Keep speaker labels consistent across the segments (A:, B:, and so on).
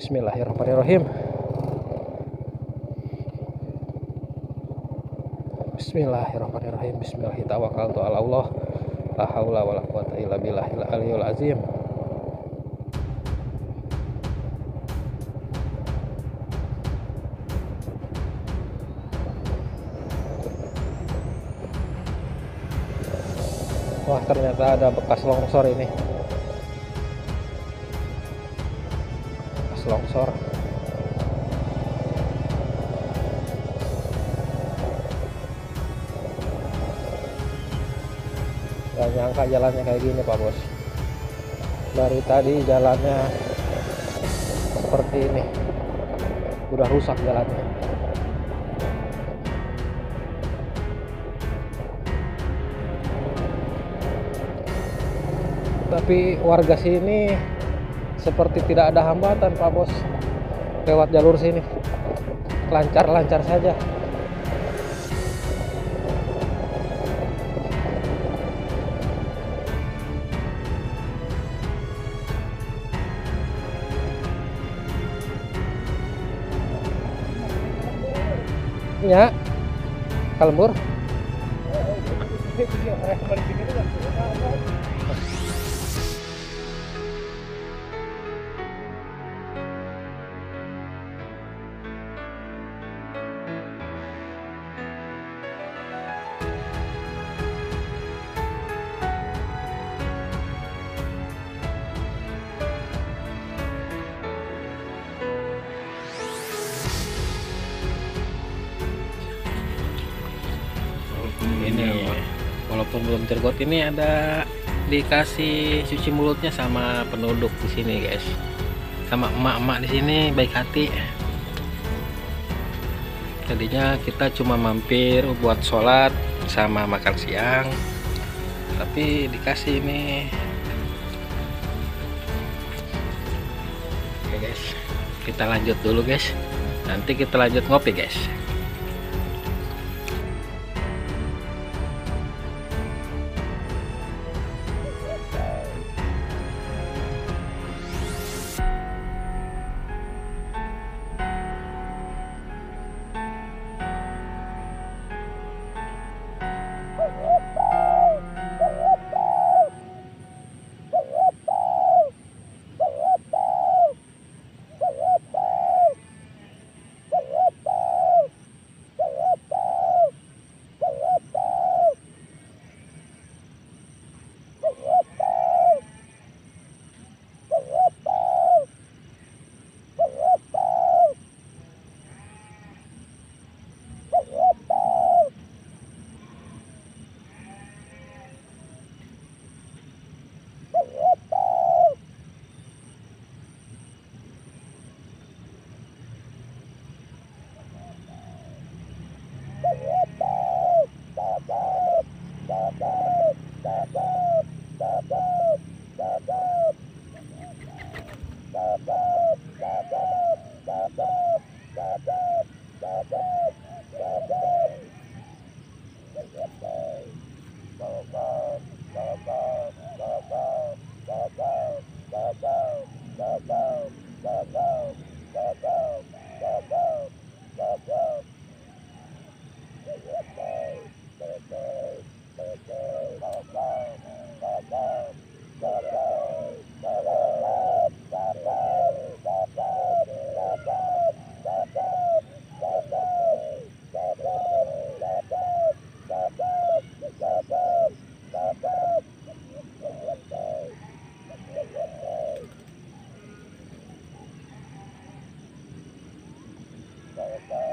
A: Bismillahirrahmanirrahim Bismillahirrahmanirrahim Bismillahirrahmanirrahim ala La haula wa azim Wah ternyata ada bekas longsor ini bekas longsor Gak nyangka jalannya kayak gini Pak Bos Dari tadi jalannya Seperti ini Udah rusak jalannya Tapi warga sini seperti tidak ada hambatan Pak Bos lewat jalur sini lancar-lancar saja ya kalembur belum tergot ini ada dikasih cuci mulutnya sama penduduk di sini guys sama emak-emak di sini baik hati jadinya kita cuma mampir buat sholat sama makan siang tapi dikasih ini oke guys kita lanjut dulu guys nanti kita lanjut ngopi guys
B: Bow, bow, bow, bow, bow, bow, bow. Bye.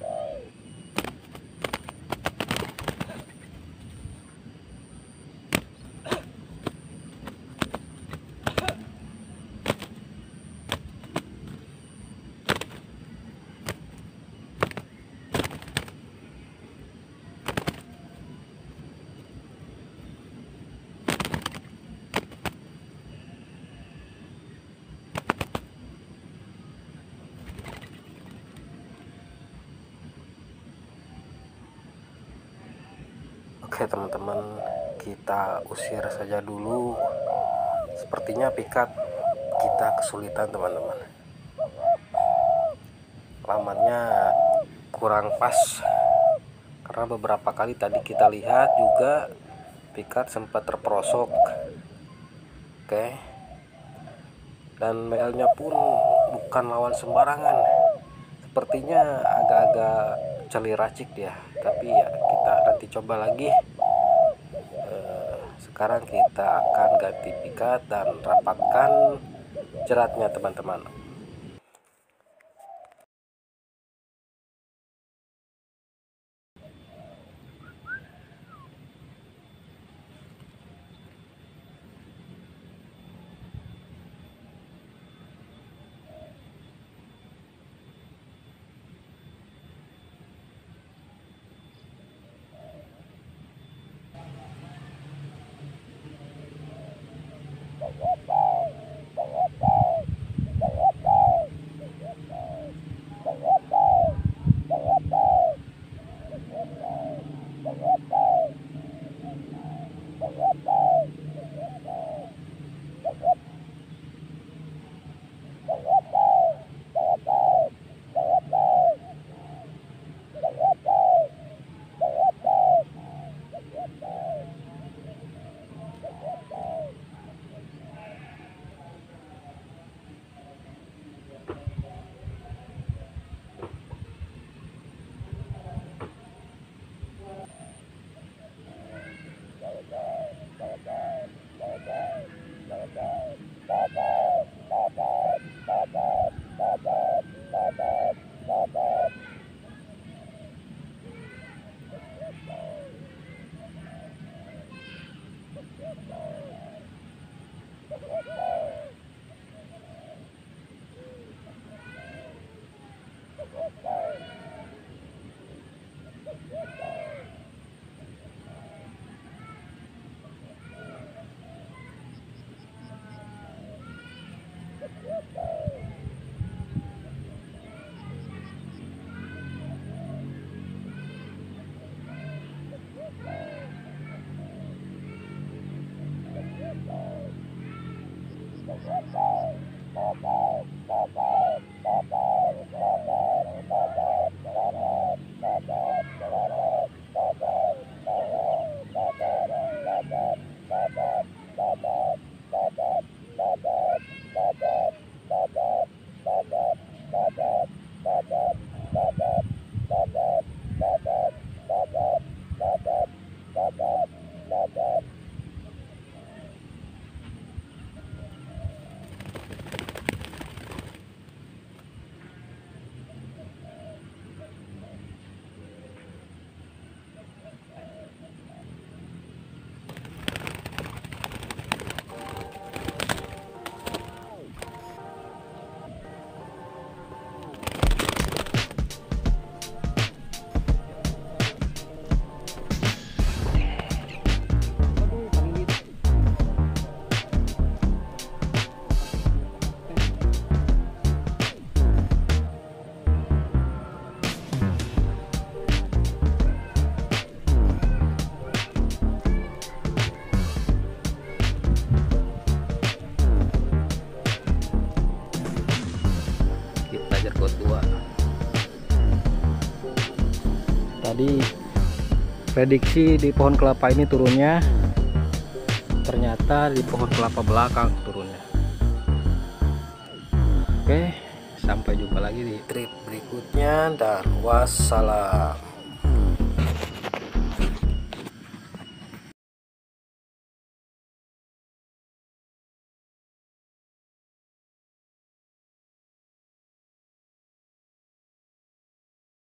B: Yeah.
A: Oke teman-teman kita usir saja dulu Sepertinya pikat kita kesulitan teman-teman Lamannya kurang pas Karena beberapa kali tadi kita lihat juga pikat sempat terperosok Oke Dan ML nya pun bukan lawan sembarangan Sepertinya agak-agak celiracik racik dia tapi ya kita nanti coba lagi sekarang kita
B: akan ganti pikat dan rapatkan jeratnya teman-teman
A: prediksi di pohon kelapa ini turunnya ternyata di pohon kelapa belakang turunnya oke sampai jumpa lagi di trip berikutnya dan wassalam